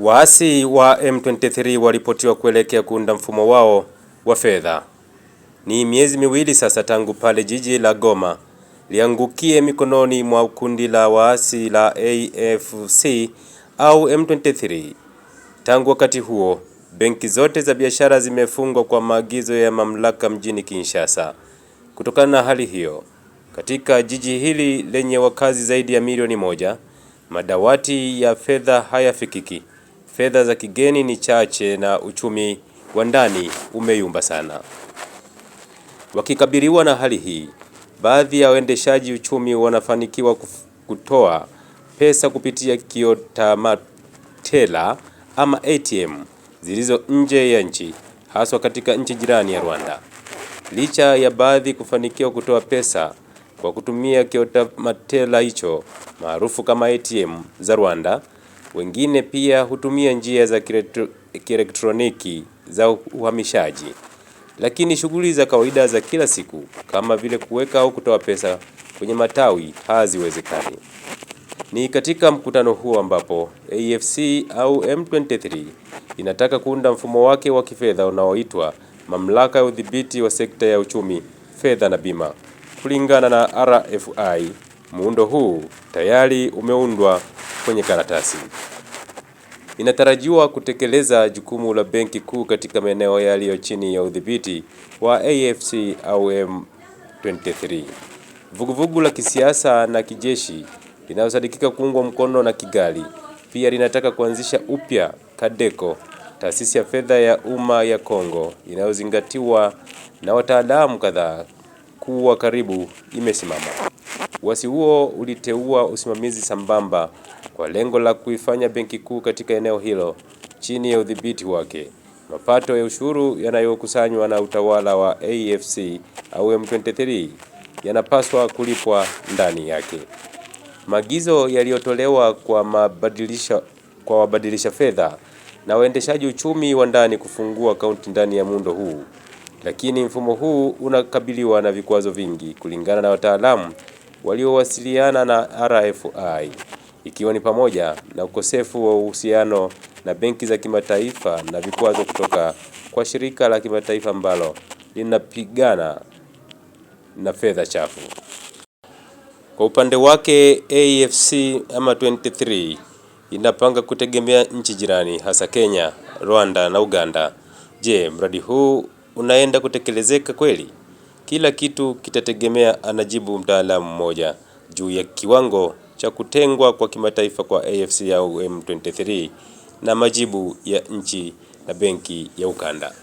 Waasi wa M23 waripotiwa kuelekea kuunda mfumo wao wa fedha. Ni miezi miwili sasa tangu pale jiji la Goma liangukie mikononi mwa kundi la waasi la AFC au M23. Tangu wakati huo, benki zote za biashara zimefungwa kwa maagizo ya mamlaka mjini Kinshasa. Kutokana na hali hiyo, katika jiji hili lenye wakazi zaidi ya milioni moja, madawati ya fedha hayafikiki fedha za kigeni ni chache na uchumi wa ndani umeyumba sana. Wakikabiliwa na hali hii, baadhi ya waendeshaji uchumi wanafanikiwa kutoa pesa kupitia kiotamatela ama ATM zilizo nje ya nchi, haswa katika nchi jirani ya Rwanda. Licha ya baadhi kufanikiwa kutoa pesa kwa kutumia kiotamatela hicho maarufu kama ATM za Rwanda, wengine pia hutumia njia za kielektroniki za uhamishaji. Lakini shughuli za kawaida za kila siku kama vile kuweka au kutoa pesa kwenye matawi haziwezekani. Ni katika mkutano huu ambapo AFC au M23 inataka kuunda mfumo wake wa kifedha unaoitwa Mamlaka ya Udhibiti wa Sekta ya Uchumi, Fedha na Bima. Kulingana na RFI, muundo huu tayari umeundwa kwenye karatasi. Inatarajiwa kutekeleza jukumu la Benki Kuu katika maeneo yaliyo chini ya udhibiti wa AFC au M23. Vuguvugu la kisiasa na kijeshi linalosadikika kuungwa mkono na Kigali pia linataka kuanzisha upya Kadeko, taasisi ya fedha ya umma ya Kongo inayozingatiwa na wataalamu kadhaa kuwa karibu imesimama Uasi huo uliteua usimamizi sambamba kwa lengo la kuifanya benki kuu katika eneo hilo chini ya udhibiti wake. Mapato ya ushuru yanayokusanywa na utawala wa AFC au M23 yanapaswa kulipwa ndani yake. Maagizo yaliyotolewa kwa mabadilisha kwa wabadilisha fedha na waendeshaji uchumi wa ndani kufungua akaunti ndani ya muundo huu, lakini mfumo huu unakabiliwa na vikwazo vingi kulingana na wataalamu waliowasiliana na RFI ikiwa ni pamoja na ukosefu wa uhusiano na benki za kimataifa na vikwazo kutoka kwa shirika la kimataifa ambalo linapigana na fedha chafu. Kwa upande wake, AFC ama 23 inapanga kutegemea nchi jirani hasa Kenya, Rwanda na Uganda. Je, mradi huu unaenda kutekelezeka kweli? Kila kitu kitategemea, anajibu mtaalamu mmoja, juu ya kiwango cha kutengwa kwa kimataifa kwa AFC au M23 na majibu ya nchi na benki ya ukanda.